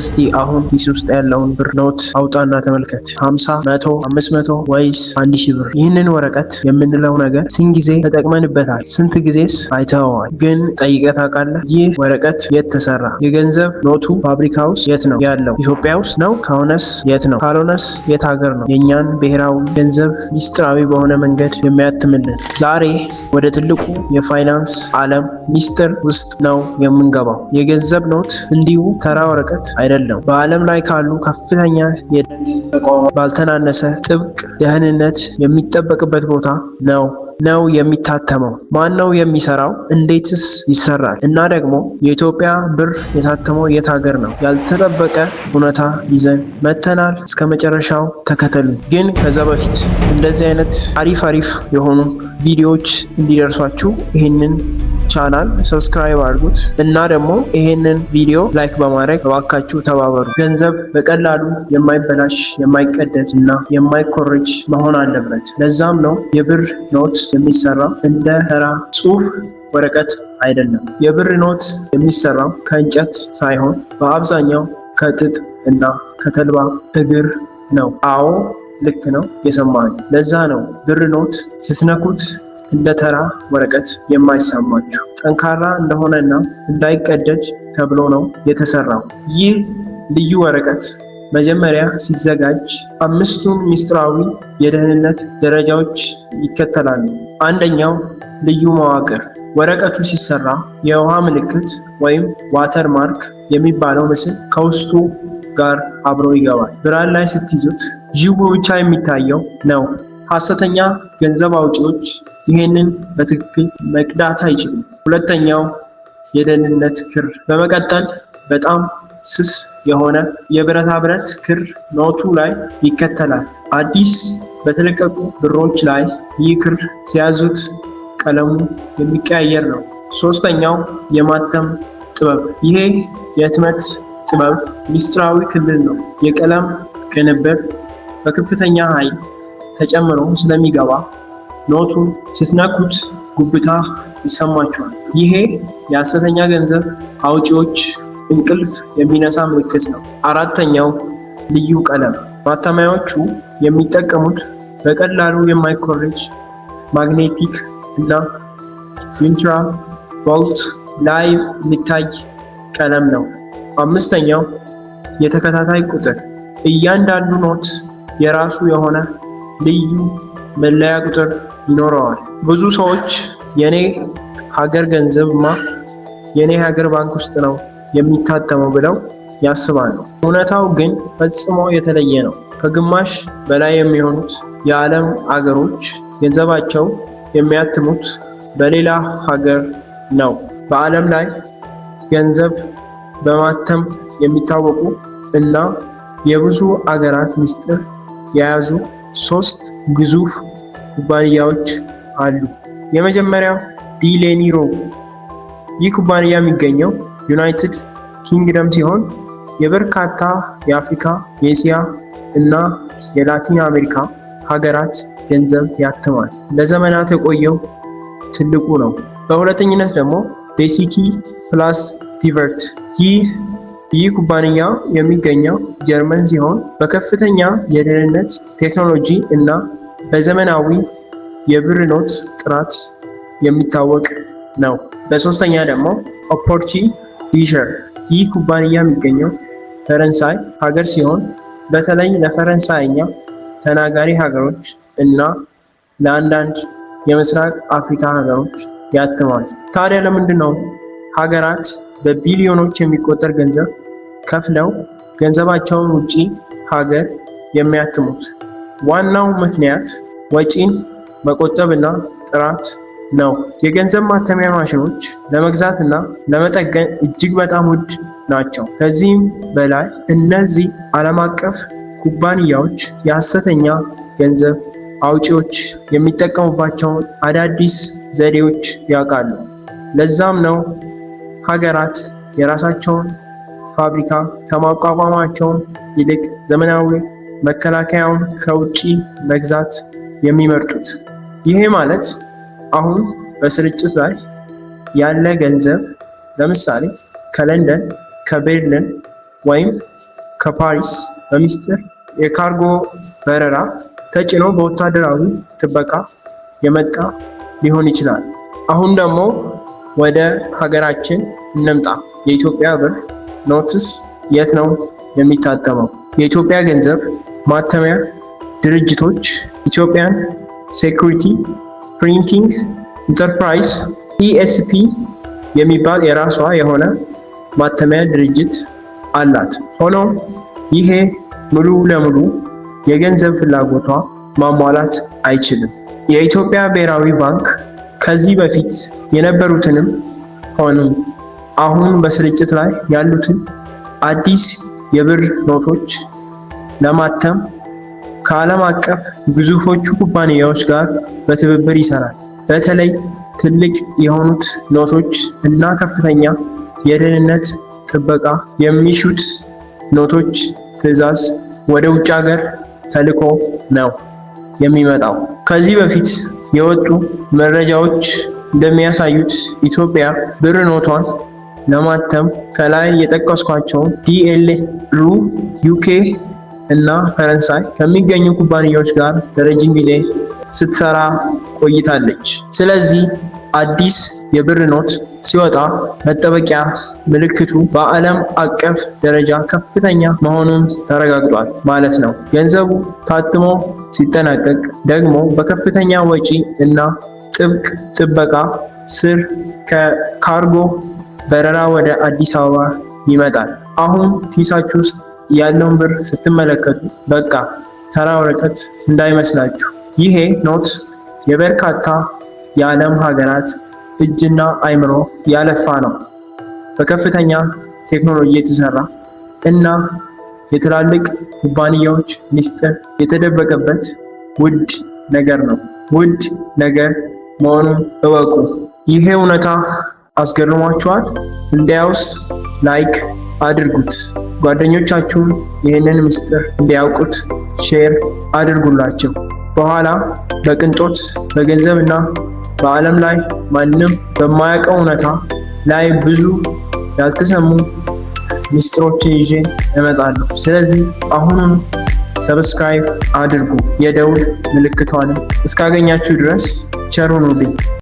እስቲ አሁን ኪስ ውስጥ ያለውን ብር ኖት አውጣና ተመልከት። ሀምሳ መቶ አምስት መቶ ወይስ አንድ ሺህ ብር? ይህንን ወረቀት የምንለው ነገር ስንት ጊዜ ተጠቅመንበታል? ስንት ጊዜስ አይተዋል? ግን ጠይቀህ ታውቃለህ? ይህ ወረቀት የት ተሰራ? የገንዘብ ኖቱ ፋብሪካ ውስጥ የት ነው ያለው? ኢትዮጵያ ውስጥ ነው? ከሆነስ የት ነው? ካልሆነስ የት ሀገር ነው? የእኛን ብሔራዊ ገንዘብ ሚስጥራዊ በሆነ መንገድ የሚያትምልን። ዛሬ ወደ ትልቁ የፋይናንስ ዓለም ሚስጥር ውስጥ ነው የምንገባው። የገንዘብ ኖት እንዲሁ ተራ ወረቀት አይደለም። በዓለም ላይ ካሉ ከፍተኛ የደህንነት ተቋማት ባልተናነሰ ጥብቅ ደህንነት የሚጠበቅበት ቦታ ነው ነው የሚታተመው? ማን ነው የሚሰራው? እንዴትስ ይሰራል? እና ደግሞ የኢትዮጵያ ብር የታተመው የት ሀገር ነው? ያልተጠበቀ እውነታ ይዘን መተናል። እስከ መጨረሻው ተከተሉ። ግን ከዛ በፊት እንደዚህ አይነት አሪፍ አሪፍ የሆኑ ቪዲዮዎች እንዲደርሷችሁ ይህንን ቻናል ሰብስክራይብ አድርጉት እና ደግሞ ይሄንን ቪዲዮ ላይክ በማድረግ እባካችሁ ተባበሩ። ገንዘብ በቀላሉ የማይበላሽ የማይቀደድ እና የማይኮረጅ መሆን አለበት። ለዛም ነው የብር ኖት የሚሰራ እንደ ተራ ጽሑፍ ወረቀት አይደለም። የብር ኖት የሚሰራው ከእንጨት ሳይሆን በአብዛኛው ከጥጥ እና ከተልባ እግር ነው። አዎ ልክ ነው የሰማኝ። ለዛ ነው ብር ኖት ስትነኩት እንደ ተራ ወረቀት የማይሰማችሁ ጠንካራ እንደሆነና እንዳይቀደድ ተብሎ ነው የተሰራው። ይህ ልዩ ወረቀት መጀመሪያ ሲዘጋጅ አምስቱን ምስጢራዊ የደህንነት ደረጃዎች ይከተላሉ። አንደኛው ልዩ መዋቅር ወረቀቱ ሲሰራ የውሃ ምልክት ወይም ዋተር ማርክ የሚባለው ምስል ከውስጡ ጋር አብሮ ይገባል። ብርሃን ላይ ስትይዙት ዥቡ ብቻ የሚታየው ነው። ሐሰተኛ ገንዘብ አውጪዎች ይህንን በትክክል መቅዳት አይችሉም። ሁለተኛው የደህንነት ክር፣ በመቀጠል በጣም ስስ የሆነ የብረታ ብረት ክር ኖቱ ላይ ይከተላል። አዲስ በተለቀቁ ብሮች ላይ ይህ ክር ሲያዙት ቀለሙ የሚቀያየር ነው። ሶስተኛው የማተም ጥበብ፣ ይሄ የህትመት ጥበብ ሚስጥራዊ ክልል ነው። የቀለም ቅንብር በከፍተኛ ኃይል ተጨምሮ ስለሚገባ ኖቱን ስትነኩት ጉብታ ይሰማቸዋል። ይሄ የሐሰተኛ ገንዘብ አውጪዎች እንቅልፍ የሚነሳ ምልክት ነው። አራተኛው ልዩ ቀለም። ማተሚያዎቹ የሚጠቀሙት በቀላሉ የማይኮረጅ ማግኔቲክ እና ኢንትራ ቮልት ላይ የሚታይ ቀለም ነው። አምስተኛው የተከታታይ ቁጥር። እያንዳንዱ ኖት የራሱ የሆነ ልዩ መለያ ቁጥር ይኖረዋል። ብዙ ሰዎች የኔ ሀገር ገንዘብማ የኔ ሀገር ባንክ ውስጥ ነው የሚታተመው ብለው ያስባሉ። እውነታው ግን ፈጽሞ የተለየ ነው። ከግማሽ በላይ የሚሆኑት የዓለም አገሮች ገንዘባቸው የሚያትሙት በሌላ ሀገር ነው። በዓለም ላይ ገንዘብ በማተም የሚታወቁ እና የብዙ አገራት ምስጢር የያዙ ሶስት ግዙፍ ኩባንያዎች አሉ። የመጀመሪያው ዲሌኒሮ ይህ ኩባንያ የሚገኘው ዩናይትድ ኪንግደም ሲሆን የበርካታ የአፍሪካ፣ የእስያ እና የላቲን አሜሪካ ሀገራት ገንዘብ ያትማል። ለዘመናት የቆየው ትልቁ ነው። በሁለተኝነት ደግሞ ቤሲኪ ፕላስ ዲቨርት ይህ ይህ ኩባንያ የሚገኘው ጀርመን ሲሆን በከፍተኛ የደህንነት ቴክኖሎጂ እና በዘመናዊ የብር ኖት ጥራት የሚታወቅ ነው። በሶስተኛ ደግሞ ኦፖርቺ ሊሸር ይህ ኩባንያ የሚገኘው ፈረንሳይ ሀገር ሲሆን በተለይ ለፈረንሳይኛ ተናጋሪ ሀገሮች እና ለአንዳንድ የምስራቅ አፍሪካ ሀገሮች ያትማል። ታዲያ ለምንድን ነው ሀገራት በቢሊዮኖች የሚቆጠር ገንዘብ ከፍለው ገንዘባቸውን ውጪ ሀገር የሚያትሙት። ዋናው ምክንያት ወጪን መቆጠብና ጥራት ነው። የገንዘብ ማተሚያ ማሽኖች ለመግዛት ለመጠገን እጅግ በጣም ውድ ናቸው። ከዚህም በላይ እነዚህ ዓለም አቀፍ ኩባንያዎች የሐሰተኛ ገንዘብ አውጪዎች የሚጠቀሙባቸውን አዳዲስ ዘዴዎች ያውቃሉ። ለዛም ነው ሀገራት የራሳቸውን ፋብሪካ ከማቋቋማቸውም ይልቅ ዘመናዊ መከላከያውን ከውጭ መግዛት የሚመርጡት። ይሄ ማለት አሁን በስርጭት ላይ ያለ ገንዘብ ለምሳሌ ከለንደን፣ ከቤርሊን ወይም ከፓሪስ በሚስጥር የካርጎ በረራ ተጭኖ በወታደራዊ ጥበቃ የመጣ ሊሆን ይችላል። አሁን ደግሞ ወደ ሀገራችን እንምጣ። የኢትዮጵያ ብር ኖትስ የት ነው የሚታተመው? የኢትዮጵያ ገንዘብ ማተሚያ ድርጅቶች ኢትዮጵያን ሴኩሪቲ ፕሪንቲንግ ኢንተርፕራይስ ኢኤስፒ የሚባል የራሷ የሆነ ማተሚያ ድርጅት አላት። ሆኖም ይሄ ሙሉ ለሙሉ የገንዘብ ፍላጎቷ ማሟላት አይችልም። የኢትዮጵያ ብሔራዊ ባንክ ከዚህ በፊት የነበሩትንም ሆኑ አሁን በስርጭት ላይ ያሉትን አዲስ የብር ኖቶች ለማተም ከዓለም አቀፍ ግዙፎቹ ኩባንያዎች ጋር በትብብር ይሰራል። በተለይ ትልቅ የሆኑት ኖቶች እና ከፍተኛ የደህንነት ጥበቃ የሚሹት ኖቶች ትዕዛዝ ወደ ውጭ ሀገር ተልኮ ነው የሚመጣው። ከዚህ በፊት የወጡ መረጃዎች እንደሚያሳዩት ኢትዮጵያ ብር ኖቷን ለማተም ከላይ የጠቀስኳቸውን ሩ ዩኬ እና ፈረንሳይ ከሚገኙ ኩባንያዎች ጋር ለረጅም ጊዜ ስትሰራ ቆይታለች። ስለዚህ አዲስ የብር ኖት ሲወጣ መጠበቂያ ምልክቱ በዓለም አቀፍ ደረጃ ከፍተኛ መሆኑን ተረጋግጧል ማለት ነው። ገንዘቡ ታትሞ ሲጠናቀቅ ደግሞ በከፍተኛ ወጪ እና ጥብቅ ጥበቃ ስር ከካርጎ በረራ ወደ አዲስ አበባ ይመጣል። አሁን ኪሳችሁ ውስጥ ያለውን ብር ስትመለከቱ በቃ ተራ ወረቀት እንዳይመስላችሁ። ይሄ ኖት የበርካታ የዓለም ሀገራት እጅና አይምሮ ያለፋ ነው። በከፍተኛ ቴክኖሎጂ የተሰራ እና የትላልቅ ኩባንያዎች ሚስጥር የተደበቀበት ውድ ነገር ነው። ውድ ነገር መሆኑን እወቁ። ይሄ እውነታ አስገርሟችኋል? እንዲያውስ ላይክ አድርጉት። ጓደኞቻችሁም ይህንን ምስጢር እንዲያውቁት ሼር አድርጉላቸው። በኋላ በቅንጦት በገንዘብ ና በዓለም ላይ ማንም በማያውቀው እውነታ ላይ ብዙ ያልተሰሙ ምስጢሮችን ይዤ እመጣለሁ። ስለዚህ አሁኑን ሰብስክራይብ አድርጉ፣ የደውል ምልክቷንም እስካገኛችሁ ድረስ ቸር ሁኑልኝ።